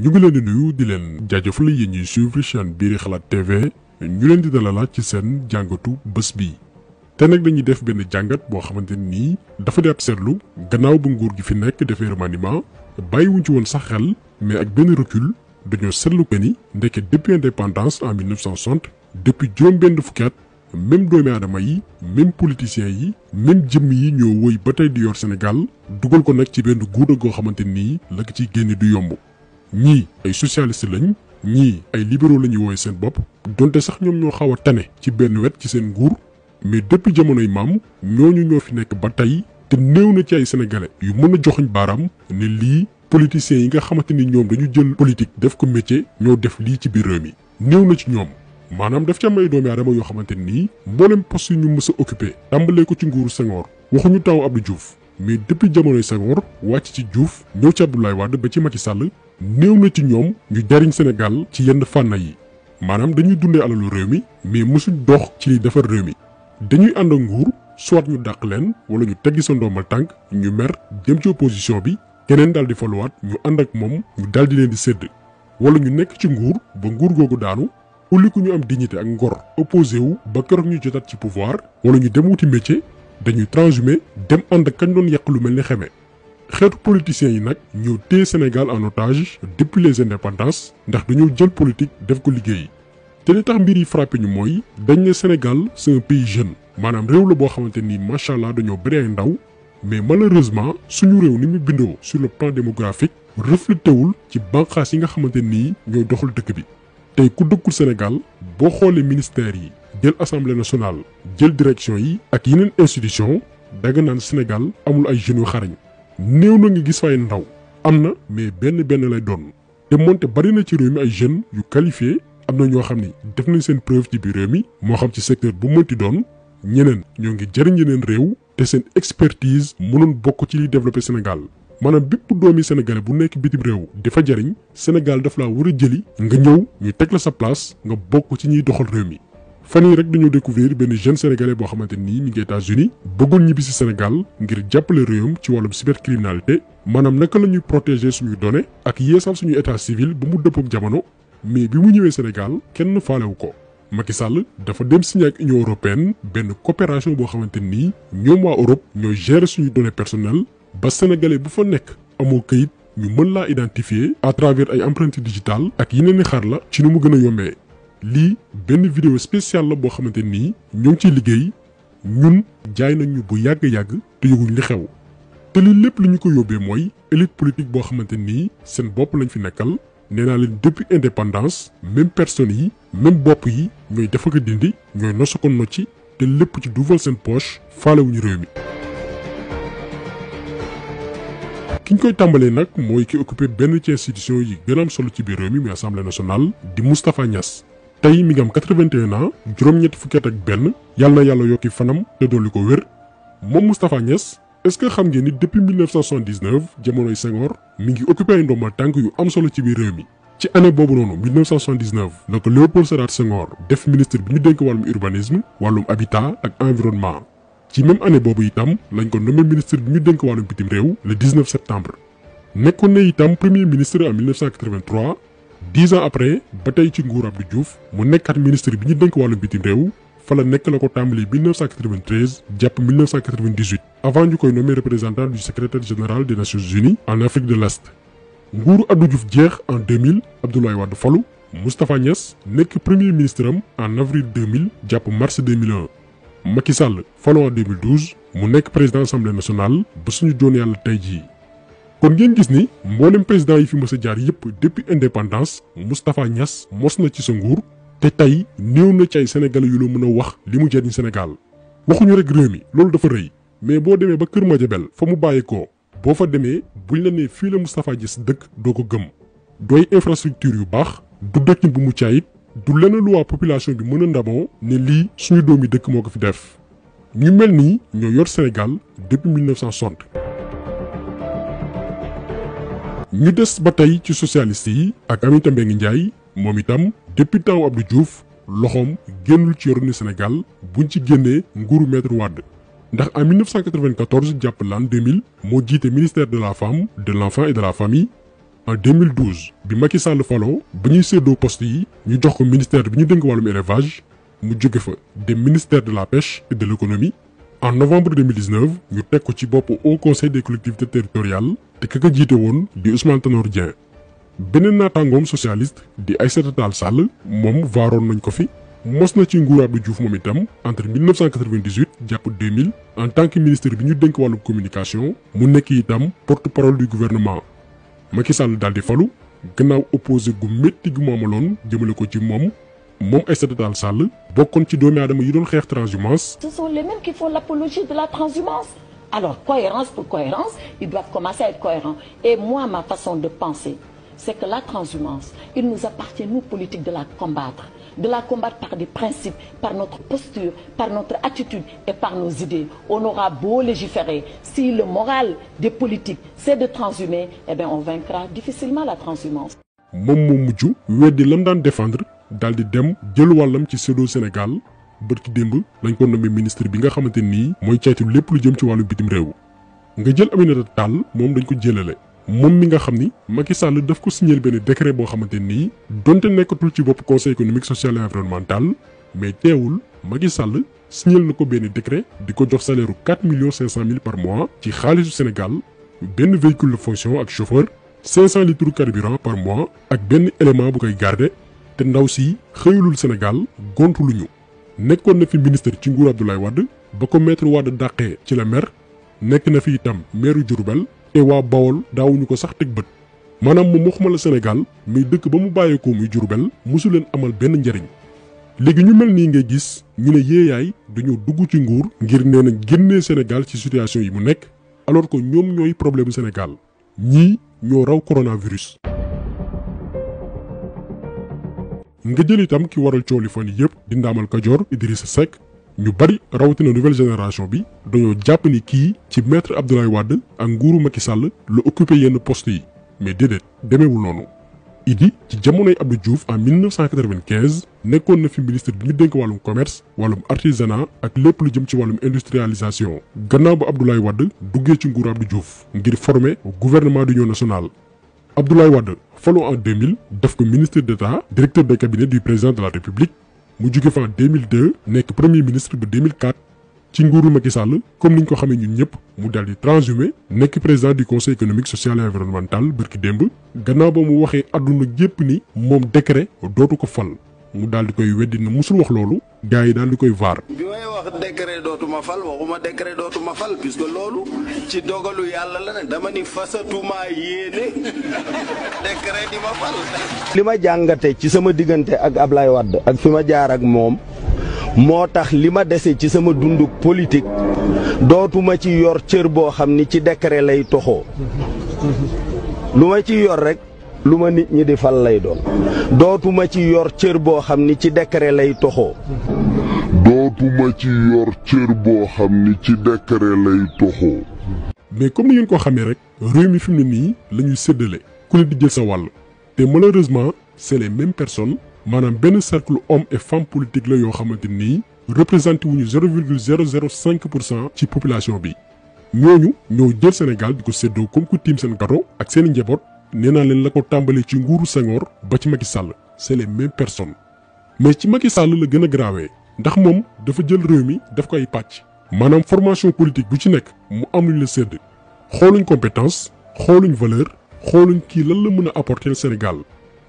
ñu ngi leen di nuyu di leen jaajëfal yéen ñuy suivre chaîne biiri xalaat TV ñu leen di dalalaat ci seen jàngatu bés bi te nag dañuy def benn jàngat boo xamante nii dafa di ab seetlu gannaaw ba nguur gi fi nekk defee bàyyi bàyyiwuñ ci woon sax xel mais ak benn recul dañoo seetlu que ni ndeke depuis indépendance en 1960 depuis juróom-benn fukki at même doomi aadama yi même politiciens yi même jëmm yi ñoo woy ba tey di yor Sénégal dugal ko nag ci benn guuta goo xamante nii la ko ciy génne du ñii ay socialiste lañ ñii ay libéraux la ñuy woowee seen bopp donte sax ñoom ñoo xaw a tane ci benn wet ci seen nguur mais depuis jamonoy maam ñooñu ñoo fi nekk ba tey te néew na ci ay sénégalais yu mën a joxuñ baaraam ne lii politiciens yi nga xamante ni ñoom dañu jël politique def ko métier ñoo def lii ci biir réew mi néew na ci ñoom maanaam daf ci am ay doomi aadama yoo xamante nii mboolem poste yu ñu mës a occupé tàmbalee ko ci nguuru Senghor waxuñu taw Abdou Diouf mais depuis jamonoy Senghor wàcc ci Diouf ñëw ci Abdoulaye Wade ba ci Macky Sall néew na ci ñoom ñu jariñ Sénégal ci yenn fànn yi maanaam dañuy dundee alalu réew mi mais mosuñ dox ci liy defar réew mi dañuy ànd ak nguur soit ñu dàq leen wala ñu teggi sa ndombal tànk ñu mer jëm ci opposition bi keneen daal di faluwaat ñu ànd ak moom ñu daal di leen di sédd wala ñu nekk ci nguur ba nguur googu daanu ulliku ñu am dignité ak ngor opposé wu ba keroog ñu jotaat ci pouvoir wala ñu dem wuti métier dañuy transhumé dem ànd ak kañ doon yàq lu mel ni xeme xeetu politiciens yi nag ñoo téye Sénégal en otage depuis les indépendances ndax dañoo jël politique def ko liggéey te li tax mbir yi frappé ñu mooy dañ ne Sénégal c'est un pays jeune maanaam réew la boo xamante nii macha allah dañoo bëri ay ndaw mais malheureusement suñu réew ni mu bindoo sur le plan démographique reflété ci bànqaas yi nga xamante nii ñooy doxal dëkk bi. tey ku dëkkul Sénégal boo xoolee ministères yi jël assemblée nationale jël direction yi ak yeneen institution danga naan Sénégal amul ay jeunes yu xarañ. néew na nga gis fay ndaw am na mais benn benn lay doon te moonte bari na ci réew mi ay jeunes yu qualifié am na ñoo xam ni def nañ seen preuve ci biir réew mi moo xam ci secteur bu mënti doon ñeneen ñoo ngi jëriñ ñeneen réew te seen expertise mënoon bokk ci liy développé Sénégal maanaam bépp doomi sénégalais bu nekk bitim réew di fa jëriñ Sénégal daf laa war a jëli nga ñëw ñu teg la sa place nga bokk ci ñuy doxal réew mi. fan yii rek dañoo découvrir benn jeune sénégalais boo xamante nii mi ngi États-Unis bëggoon ñibbi si Sénégal ngir jàppale réew réewam ci wàllum cybercriminalité maanaam naka la ñuy protéger suñuy données ak yeesal suñu état civil ba mu dëppoog jamono mais bi mu ñëwee Sénégal kenn faalewu ko Macky Sall dafa dem signé ak Union européenne benn coopération boo xamante nii ñoom waa Europe ñooy gérer suñuy données personnelles ba sénégalais bu fa nekk amoo këyit ñu mën laa identifier à travers ay empreintes digitales ak yeneen i xar la ci nu mu gën a yombee. lii benn vidéo spéciale la boo xamante nii ñoo ngi ciy liggéey ñun jaay nañ ñu bu yàgg-yàgg te yëguñ li xew te li lépp li ñu ko yóbbee mooy élite politique boo xamante nii seen bopp lañ fi nekkal nee naa leen depuis indépendance même personne yi même bopp yi ñooy dafa ko dindi ñooy nosu ko nocci te lépp ci duufal seen poche faalewuñu réew mi ki ñu koy tàmbalee nag mooy ki occupé benn ci institution yi gën a ci biir réew mi muy assemblée nationale di Moustapha Niass tey mi ngi am 81 ans juróom-ñetti fukki at ak benn yàlla na yàlla yokki fanam te dolli ko wér moom Moustapha Niass est xam ngeen ni depuis 1979 jamonoy Senghor mi ngi occupé ay ndomba tànk yu am solo ci biir réew mi. ci année boobu noonu la ko Léopold Sédar Senghor def ministre bi ñu dénk wàllum urbanisme wàllum habitat ak environnement ci même année boobu itam lañ ko nommé ministre bi ñu dénk wàllum bitim réew le septembre. nekkoon na itam premier ministre en dix ans après ba tey ci nguur Abdou Diouf mu nekkaat ministre bi ñu dénk wàllu bitim réew fa la nekk la ko tàmbali 1993 jàpp 1998 avant ñu koy nommé représentant du secrétaire général des Nations Unies en Afrique de l'Est nguuru Abdou Diouf jeex en 2000 Abdoulaye Wade falu Moustapha Niass nekk premier ministre am en avril 2000 jàpp mars 2001 Macky Sall falu en 2012 mu nekk président assemblée nationale ba suñu doon yàlla tey jii kon ngeen gis ni mboolem président yi fi mës a jaar yépp depuis indépendance Moustapha ñas mos na ci sa nguur te tey néew na ci ay sénégalais yu la mën a wax li mu jëriñ Sénégal waxuñu rek réew mi loolu dafa rëy mais boo demee ba Kër Madiabel fa mu bàyyeekoo boo fa demee buñ la nee fii la Moustapha Niass dëkk doo ko gëm dooy infrastructure yu baax du dëkkin bu mu caayit du lenn lu waa population bi mën a ndamoo ne lii suñu yi dëkk moo ko fi def ñu mel nii ñoo yor Sénégal depuis 1960. ñu des ba tey ci socialiste yi ak Aminata Mbengue Ndiaye moom itam depuis taw Abdou Diouf loxoom génnul ci yorinu Sénégal buñ ci génnee nguuru maître Wade ndax en 1994 jàpp l'an 2000 moo jiite ministère de la femme de l'enfant et de la famille en 2012 bi Macky Sall faloo ba ñuy séddoo poste yi ñu jox ko ministère bi ñu dénk wàllum élevage mu jóge fa dem ministère de la pêche et de l'économie en novembre 2019 ñu teg ko ci bopp Haut Conseil des collectivités territoriales te ki jiite woon di Ousmane Tanor Dieng beneen naataangoom socialiste di Aïssata Tall Sall moom waaroon nañ ko fi mos na ci nguuru Abdou Diouf moom itam entre 1998 jàpp 2000 en tant que ministre bi ñu dénk wàllu communication mu nekk itam porte-parole du gouvernement Macky Sall daal di falu gannaaw opposé gu métti gu mu amaloon jëmale ko ci moom moom Aïssata Tall Sall bokkoon ci doomi aadama yi doon xeex transhumance. Ce sont les mêmes qui font transhumance. Alors, cohérence pour cohérence, ils doivent commencer à être cohérents. Et moi, ma façon de penser, c'est que la transhumance, il nous appartient, nous, politiques, de la combattre. De par des principes, par notre posture, par notre attitude et par nos idées. On aura beau légiférer. Si le moral des politiques, c'est de transhumer, eh bien, on vaincra difficilement la transhumance. moom moo mujj weddi lam daan défendre daal di dem jël ci Sedo Sénégal bët bërki démb lañ ko nommé ministre bi nga xamante nii mooy caytu lépp lu jëm ci wàllu bitim réew nga jël Aminata Tall moom dañ ko jëlale moom mi nga xam ni Macky Sall daf ko signé benn décret boo xamante nii donte nekkatul ci bopp conseil économique social et environnemental mais teewul Macky Sall signal na ko benn décret di ko jox salaire u 4 millions 500 mille par mois ci xaalisu Sénégal benn véhicule de fonction ak chauffeur 500 litres carburant par mois ak benn élément bu koy garder te ndaw si xëyulul Sénégal gontu luñu nekkoon na fi ministre ci nguur Abdoulaye Wade ba ko maître Wade dàqee ci la mer nekk na fi itam meeru Diourbel te waa Bawol daawuñu ko sax teg bët maanaam moom waxuma la Sénégal muy dëkk ba mu bàyyeekoo muy Diourbel mosu leen amal benn njariñ léegi ñu mel nii ngay gis ñu ne yeeyaay dañoo dugg ci nguur ngir nee na génnee Sénégal ci situation yi mu nekk alors que ñoom ñooy problème Sénégal ñii ñoo raw coronavirus. nga jël itam ki waral cooli fan yëpp di ndaamal kajoor Idrissa Seck ñu bari rawatina nouvelle génération bi dañoo jàpp ni kii ci maître Abdoulaye Wade ak nguuru Macky sàll la occupé yenn post yi mais déedéet demeewul noonu. Idi ci jamonoy Abdou Diouf en 1995 nekkoon na fi ministre bi ñu dénk wàllum commerce wàllum artisanat ak lépp lu jëm ci wàllum industrialisation gannaaw ba Abdoulaye Wade duggee ci nguuru Abdou Diouf ngir former gouvernement ñoo nationale. Abdoulaye Wade falu en 2000 def ko ministre d'État directeur de cabinet du président de la République mu jóge fa en nekk premier ministre bu 2004 ci nguuru Macky Sall comme niñ ko xamee ñun ñëpp mu daal di transhumé nekk président du conseil économique social et environnemental bërki démb gannaaw ba mu waxee àdduna gépp ni moom décret dootu ko fal mu daal di koy weddi na musul wax loolu gars yi daal koy vaar. bi may wax décret dootuma fal waxuma décret dootuma fal puisque loolu ci dogalu yàlla la ne dama ni fasatuma yéene décret di ma fal. li ma jàngate ci sama diggante ak Ablaye Wade ak fi ma jaar ak moom moo tax li ma dese ci sama dunduk politique dootuma ci yor cër boo xam ni ci décret lay toxoo lu ma ci yor rek. lu ma nit ñi di fal lay doon dootuma ci yor cër boo xam ni ci décret lay toxoo dootuma ci yor cër boo xam ni ci décret lay toxoo mais comme ni ngeen ko xamee rek réew mi fi mu nii la ñuy séddale ku ne di jël sa wàll te malheureusement c'est les mêmes personnes maanaam benn cercle homme et femme politique la yoo xamante nii représenté wuñu zéro virgule zéro cinq pour cent ci population bi ñooñu ñoo jël Sénégal di ko séddoo comme ku tiim seen gato ak seen i njaboot nee naa leen la ko tàmbali ci nguuru Senghor ba ci Macky Sall c'est les mêmes personnes mais ci Macky Sall la gën a graawee ndax moom dafa jël réew mi daf ko ay pàcc. maanaam formation politique bu ci nekk mu am luñ la sédd xooluñ compétence xooluñu valeur xooluñ kii lan la mën a apporter Sénégal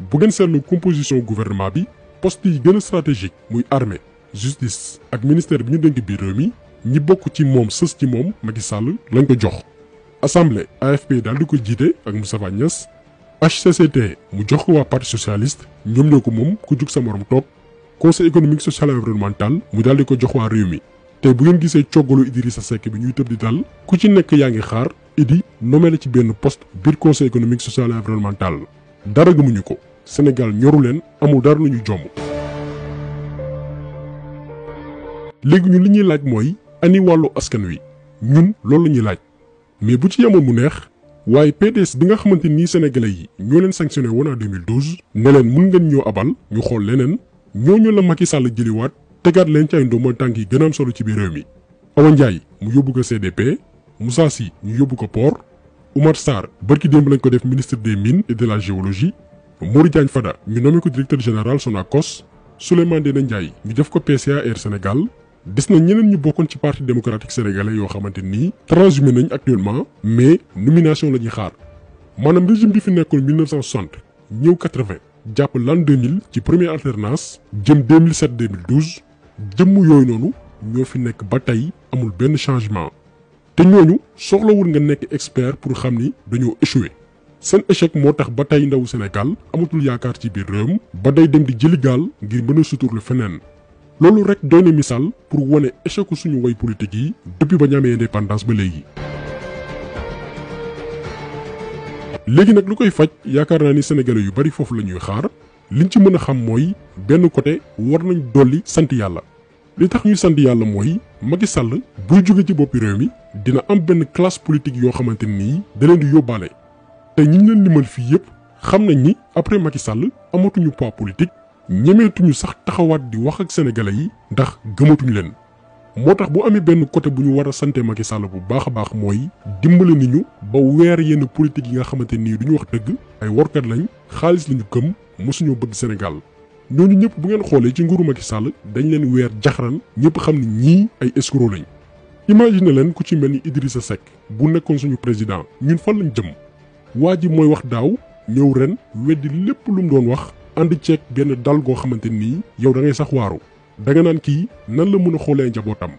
bu gën seetlu composition gouvernement bi poste yi gën a stratégique muy armée justice ak ministère bi ñu dénk biir réew mi ñi bokk ci moom sës ci moom Macky Sall lañ ko jox. assemblée AFP daal di ko jiite ak Moustapha Niass t mu jox ko waa parti socialist ñoom ñoo ko moom ku jug sa morom toog conseil économique social et environnemental mu daal di ko jox waa réew mi te bu ngeen gisee coggalu Idrissa Seck bi ñuy tëb di dal ku ci nekk yaa ngi xaar Idi nommé la ci benn poste biir conseil économique social et environnemental dara gëmuñu ko Sénégal ñoru leen amul dara lu ñu jomb. léegi ñun li ñuy laaj mooy ani wàllu askan wi ñun loolu la ñuy laaj. mais bu ci yemoon mu neex waaye PDS bi nga xamante ni sénégalais yi ñoo leen sanctionné woon en 2012 ne leen mun ngeen ñoo abal ñu xool leneen ñooñu la Macky Sall jëliwaat tegaat leen ci ay tànk yi gën a solo ci biir réew mi. Awa Ndiaye mu yóbbu ko CDP Moussa Sy ñu yóbbu ko port Oumar Sarr barki démb lañ ko def ministre des mines et de la géologie Modou Diagne Fada ñu nommé ko directeur général Sonacos Souleymane na Ndiaye ñu def ko PCA Air Sénégal. des na ñeneen ñu bokkoon ci parti démocratique sénégalais yoo xamante nii transhumé nañ actuellement mais nomination la ñuy xaar maanaam régime bi fi nekkoon 1960 ñëw 80 jàpp l'an 2000 ci première alternance jëm 2007 2012 jëmm yooyu noonu ñoo fi nekk ba tey amul benn changement te ñooñu soxlawul nga nekk expert pour xam ni dañoo échoué seen échec moo tax ba tey ndawu Sénégal amatul yaakaar ci biir réewam ba day dem di jëli gaal ngir mën a suturlu feneen loolu rek doy na misaal pour wane échec suñu way politique yi depuis ba ñu amee ba léegi. léegi nag lu koy faj yaakaar naa ni sénégalais yu bari foofu la ñuy xaar liñ ci mën a xam mooy benn côté war nañ dolli sant yàlla. li tax ñu sant yàlla mooy Macky Sall buy jóge ci boppi réew mi dina am benn classe politique yoo xamante nii da leen di yóbbaale te ñi ñu leen limal fii yëpp xam nañ ni après Macky Sall amatuñu poids politique. ñemeetuñu sax taxawaat di wax ak sénégalais yi ndax gëmatuñu leen moo tax bu amee benn côté bu ñu war a sante Macky Sall bu baax a baax mooy dimbale nañu ba weer yenn politique yi nga xamante nii du wax dëgg ay workat lañ xaalis lañu gëm mosuñoo bëgg Sénégal ñooñu ñëpp bu ngeen xoolee ci nguuru Macky Sall dañu leen weer jaxaran ñëpp xam ne ñii ay escroc lañ imagine leen ku ci mel ni Idrissa Seck bu nekkoon suñu président ñun fan lañ jëm waa ji mooy wax daaw ñëw ren weddi lépp lu mu doon wax ànd ceeg benn dal goo xamante nii yow da ngay sax waaru da nga naan kii nan la mën a xoolee njabootam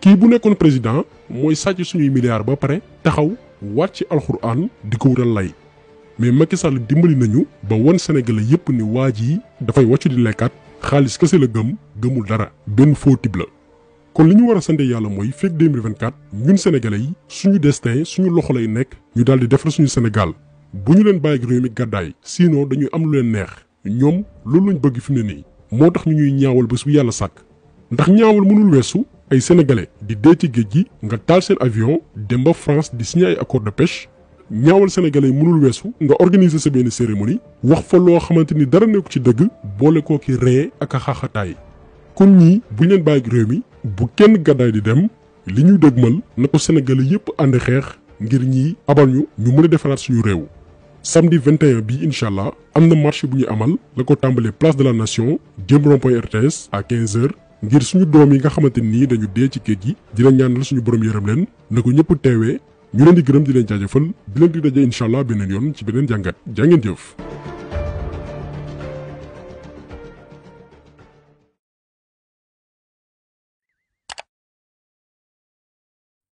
kii bu nekkoon président mooy sàcc suñuy milliards ba pare taxaw wàcc alxuraan di ko wutal lay mais Macky Sall dimbali nañu ba wan Sénégalais yépp ni waa yi dafay wàccu di lekkaat xaalis kese la gëm gëmul dara benn faux type la. kon li ñu war a sante yàlla mooy fekk 2024 ñun sénégalais yi suñu destin suñu loxo lay nekk ñu daal di defar suñu Sénégal bu ñu leen bàyyi ak réew mi dañuy am leen neex. ñoom loolu lañ bëgg fi mu ne nii moo tax ñu ñuy ñaawal bés bu yàlla sàkk ndax ñaawal mënul weesu ay sénégalais di dee ci géej gi nga taal seen avion dem ba France di signé ay accord de pêche ñaawal sénégale yi mënul weesu nga organiser sa benn cérémonie wax fa loo xamante ni dara nekku ci dëgg boole koo ki ree ak a xaaxataay kon ñii buñ leen bàyyi réew mi bu kenn gàddaay di dem li ñu dëgmal na ko sénégalais yépp ànd xeex ngir ñii abal ñu ñu mën a defaraat suñu réew. samedi 21 bi incha allah am na marché bu ñu amal la ko tàmbalee place de la nation jëm rond-point RTS à 15h ngir suñu doom yi nga xamante nii dañu dee ci géej gi di leen ñaanal suñu borom yërëm leen na ko ñëpp teewee ñu leen di gërëm di leen jaajëfal di leen di daje incha allah beneen yoon ci beneen jàngat jàngeen jëf.